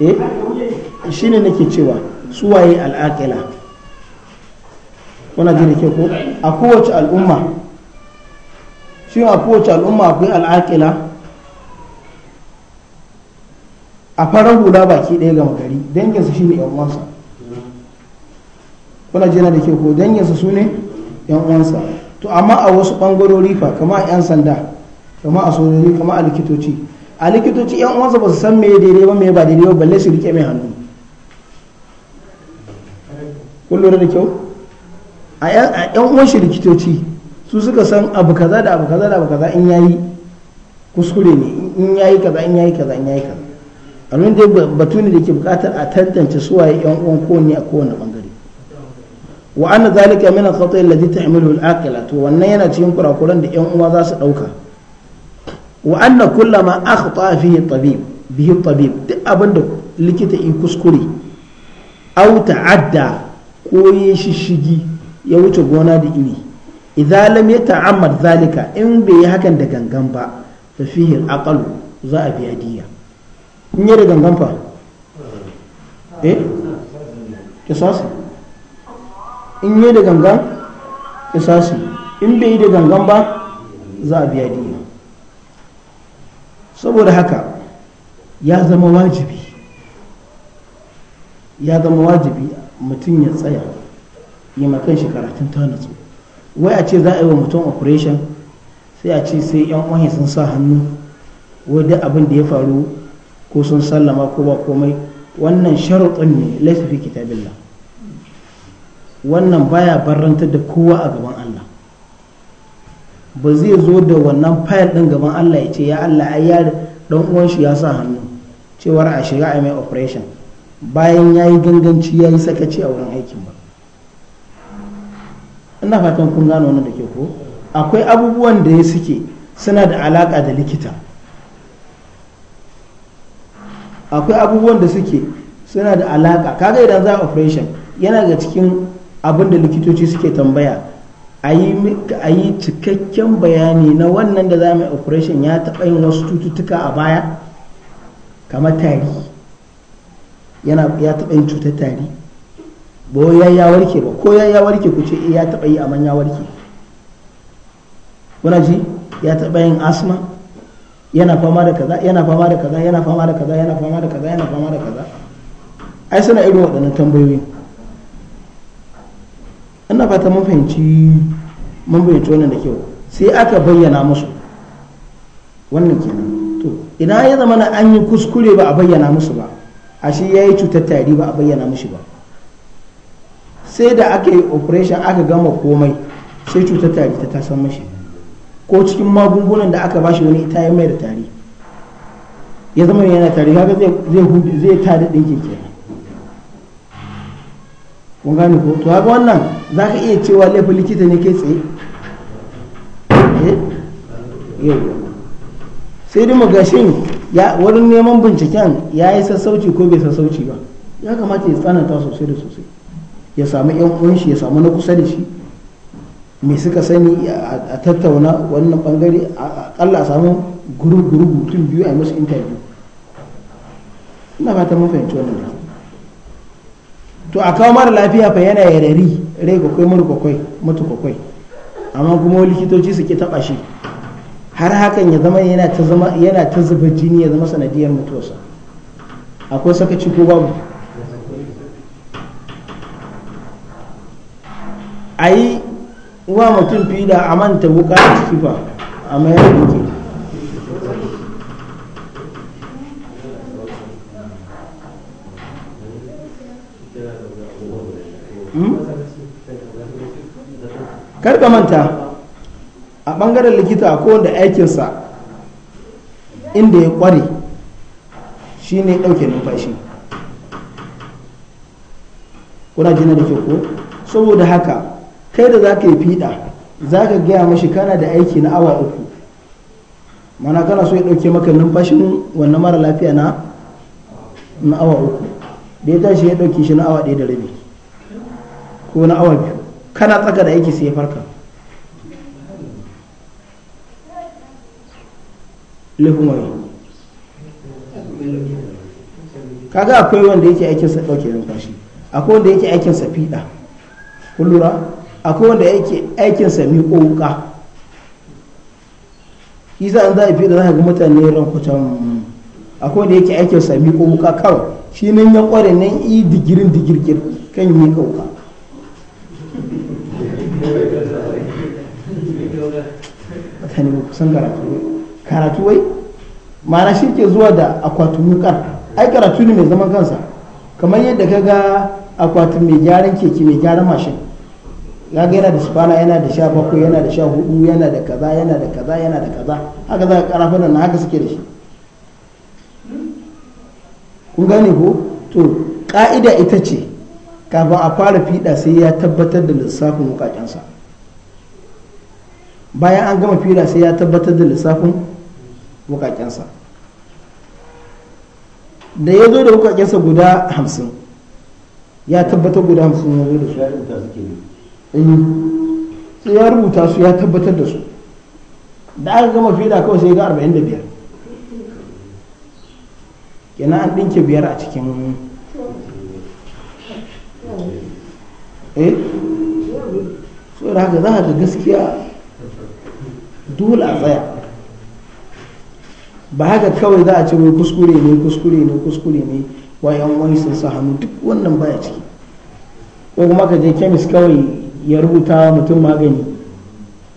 eh shi ne nake cewa su waye al'aƙila kuna jini da ke ko a kowace al'umma shi a kowace al'umma akwai al'aƙila a farar hula baki ɗaya gama gari danginsa shi ne uwansa kuna jina da ke ko danginsa su ne uwansa to amma a wasu ɓangarori fa kama a 'yan sanda kama a sojoji kama a likitoci a likitoci yan uwansa ba su san me daidai ba me ba daidai ba balle su rike mai hannu kun lura da kyau a yan uwan shi likitoci su suka san abu kaza da abu kaza da abu kaza in yayi kuskure ne in yayi kaza in yayi kaza in yayi kaza a nan dai batu ne da ke bukatar a tantance waye yan uwan kowanne a kowane bangare wa anna zalika min al-khata' alladhi ta'maluhu al-aqila to wannan yana cikin kurakuran da yan uwa za su dauka wa anna kullama akhta fihi tabib bihi tabib duk abinda likita in kuskure aw ta'adda ko ya shishigi ya wuce gona da ini idan lam ya zalika in bai yi hakan da gangan ba fa fihi al za a biya diya in yi da gangan fa eh kisasi in yi da gangan kisasi in bai yi da gangan ba za a biya diya saboda haka ya zama wajibi ya zama wajibi mutum ya tsaya yi makan shekaratun ta natsu wai a ce za a yi wa mutum operation sai a ce sai yan wani sun sa hannu wadda abin da ya faru ko sun sallama ko ba komai wannan sharuɗin ne laifi kitabin wannan baya barantar da kowa a gaban Allah ba zai zo da wannan fayil ɗin gaban Allah ya ce ya Allah ai ya dan uwan shi ya sa hannu cewar a shiga a mai operation bayan ya yi ganganci ya yi sakaci a wurin aikin ba ina fatan kun gano wannan da ke ko akwai abubuwan da ya suke suna da alaka da likita akwai abubuwan da suke suna da alaka kaga idan za a operation yana ga cikin abin da likitoci suke tambaya a yi cikakken bayani na wannan da za mu yi operation ya taɓa yin wasu cututtuka a baya kamar tari ya taɓa yin cutar tari ba ya ya warke ba ko ya ya warke ku ce eh, ya taɓa yi amma ya warke kuna ji ya taɓa yin asma yana fama da kaza yana fama da kaza yana fama da kaza yana fama da kaza yana fama da kaza ai suna irin waɗannan tambayoyin ina fata mun fahimci mun fahimci wannan da kyau sai aka bayyana musu wannan kenan to ina ya zama na an yi kuskure ba a bayyana musu ba a shi ya yi cutar tari ba a bayyana mushi ba sai da aka yi operation aka gama komai sai cutar tari ta tasan mashi ko cikin magungunan da aka bashi wani ita ya mai da tari ya zama yana tari haka zai zai ta da kenan kun gane ko to haka wannan za ka iya cewa laifin likita ne ke tsaye eh? sai dai magashin wani neman binciken ya yi sassauci ko bai sassauci ba ya kamata ya tsananta sosai da sosai ya samu yan kunshi ya samu na kusa da shi me suka sani a tattauna wannan bangare akalla a samu guru-guru biyu a yi musu interview ina fata mun fahimci wannan to a kawo mara lafiya fa yana yarari rai kwakwai mara kwakwai mutu kwakwai amma kuma likitoci su ki taba shi har hakan ya zama yana ta zama zuba jini ya zama sanadiyar mutuwarsa akwai sakaci ko babu ayi wa mutum fi a manta wuka a ciki ba a mayar da karka manta a bangaren likita a kowanne aikinsa inda ya kware shi ne ɗauke numfashi kuna jina da ke ko saboda haka kai da za ka yi fiɗa za ka gaya mashi kana da aiki na awa uku mana kana so ya ɗauke maka numfashin wannan mara lafiya na awa uku da ya tashi ya ɗauke shi na awa ɗaya da rabi ko na awa biyu kana tsaka da aiki sai ya farka lihumari kaga akwai wanda yake aikin sa dauke numfashi akwai wanda yake aikin sa fida kun lura akwai wanda yake aikin sa mi kokka isa an za a fiɗa ga mutane ran kwacan akwai wanda yake aikin sa mi kokka kawai shi nan ya kware nan i digirin digirgir kan mi kokka mutane ba kusan karatu wai karatu wai ma'ana shi ke zuwa da akwatin wukar ai karatu ne mai zaman kansa kamar yadda ka ga akwatin mai gyaran keke mai gyaran mashin ya ga yana da sufana yana da sha bakwai yana da sha hudu yana da kaza yana da kaza yana da kaza haka za ka karafa nan haka suke da shi kun gane ko to ka'ida ita ce kafin a fara fiɗa sai ya tabbatar da lissafin wukakensa bayan an gama fira sai ya tabbatar da lissafin wukakensa da ya zo da wukakensa guda hamsin ya tabbatar guda hamsin ya zo da su eh, sai ya rubuta su ya tabbatar da su da aka gama fira kawai sai ga arba'in da biyar kenan an ɗinke biyar a cikin eh so da haka za ka gaskiya dole a tsaya ba haka kawai za a ce wai kuskure ne kuskure ne kuskure ne wa yan wani sun sa hannu duk wannan baya ciki ko kuma ka je kemis kawai ya rubuta mutum magani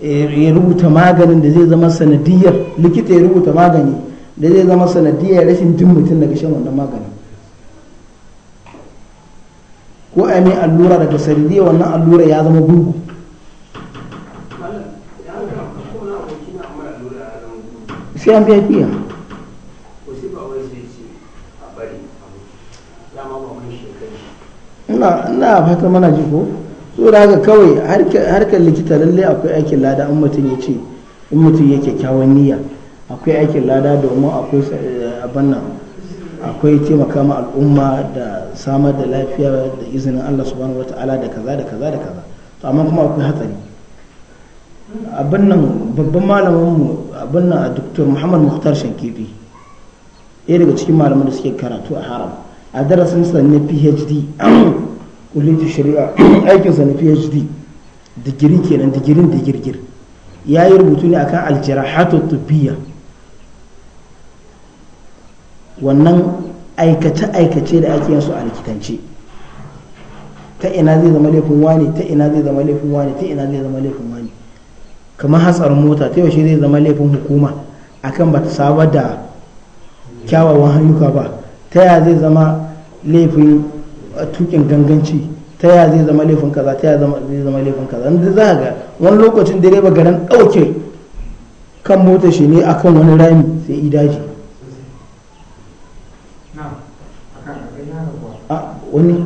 eh, ya rubuta maganin da zai zama sanadiyar likita ya rubuta magani da zai zama sanadiyar rashin jin mutum daga shan wannan maganin ko a mai allura daga sanadiyar wannan allura ya zama gurgu sai an biya biya ina fata mana ji ko so da haka kawai harkar likita lalle akwai aikin lada an mutum ya ce in mutum ya kyakkyawan niyya akwai aikin lada domin akwai eh, abin akwai taimaka ma al'umma da samar da lafiya da izinin Allah subhanahu wataala da kaza da kaza da kaza to amma kuma akwai hatsari abin nan babban malaminmu abin nan a doktor muhammad muhtar shankifi ɗaya daga cikin malaman da suke karatu a haram a darasin sa na phd kullum shari'a aikinsa na phd digiri kenan digirin da girgir ya yi rubutu ne akan aljirahatu tubiyya wannan aikace-aikace da ake yansu a likitance ta ina zai zama laifin wani ta ina zai zama laifin wani ta ina zai zama laifin wani kamar hatsarin mota ta yaushe zai zama laifin hukuma akan bata saba da kyawawan hanyuka ba ta ya zai zama laifin uh, tukin ganganci ta ya zai zama laifin kaza ta ya zai zama laifin kaza inda za ga wani lokacin direba garin ɗauke kan mota shi ne akan wani rami sai idaji wani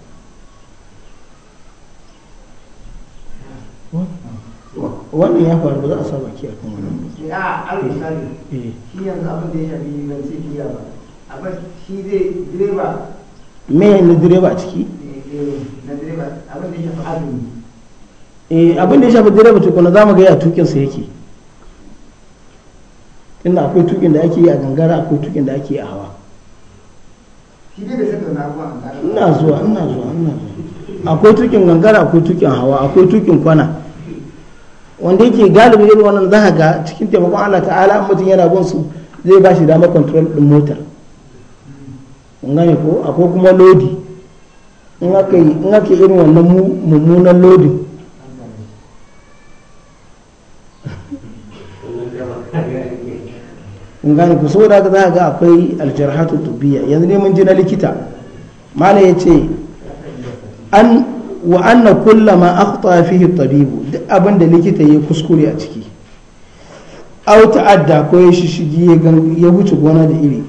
wannan ya faru ba za a saba baki a kuma wannan ba a alƙisari shi yanzu abin da ya shafi ban sai giya ba abin shi zai direba me na direba a ciki eh, na direba abin da ya shafi azumi eh abin da ya shafi direba tukuna za mu ga ya tukin sa yake inda akwai tukin da ake yi a gangara akwai tukin da ake yi a hawa shi dai bai saka na ina zuwa ina zuwa ina zuwa akwai tukin gangara akwai tukin hawa akwai tukin kwana wanda yake galibi yadda wannan za ga cikin taimakon Allah ta'ala mutum yana bin su zai ba shi damar control din motar kun gane ko akwai kuma lodi in aka yi in aka irin wannan mummunan lodi in gane ku saboda haka za ga akwai aljarhatu tubbiya yanzu ne mun ji na likita malam ya ce an wa anna kullama akhta fihi tabibu duk abin da likita ya kuskure a ciki aw ta'adda ko ya shishigi ya wuce gona da iri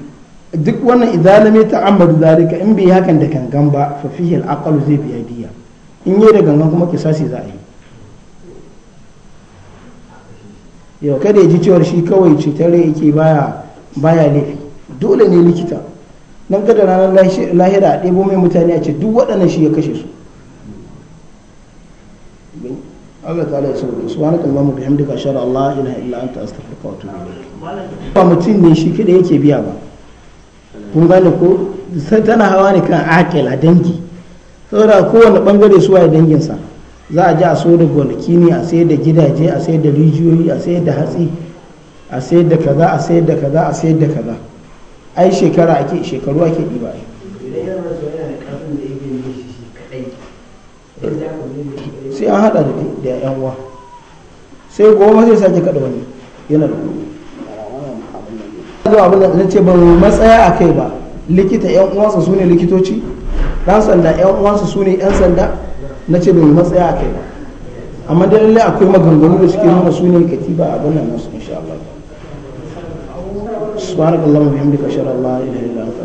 duk wannan idan lam amadu zalika in bai hakan da gangan ba fa fihi al zai biya diya in yi da gangan kuma kisasi za a yi yau kada ya ji cewar shi kawai cutar yake baya baya laifi dole ne likita nan kada ranar lahira a ɗebo mai mutane a ce duk waɗannan shi ya kashe su Allah ta'ala ya sauke subhanaka allahumma bihamdika ashhadu an la ilaha illa anta astaghfiruka wa atubu ilayk ba mutum ne shi kida yake biya ba kun gane ko sai tana hawa ne kan akila dangi saboda kowane bangare su waye danginsa za a ji a so da gonaki ne a sayar da gidaje a sayar da rijiyoyi a sayar da hatsi a sayar da kaza a sayar da kaza a sayar da kaza ai shekara ake shekaru ake ɗiba ai sai an haɗa da dai da yan uwa sai gobe zai sake kada wani yana da zuwa abin da na ce ba matsaya a kai ba likita yan uwansa su ne likitoci dan sanda yan uwansa su ne yan sanda na ce bai matsaya a kai ba amma da lallai akwai maganganu da suke nuna su ne katiba a wannan nasu insha Allah subhanakallahumma bihamdika ashhadu an ilaha illa anta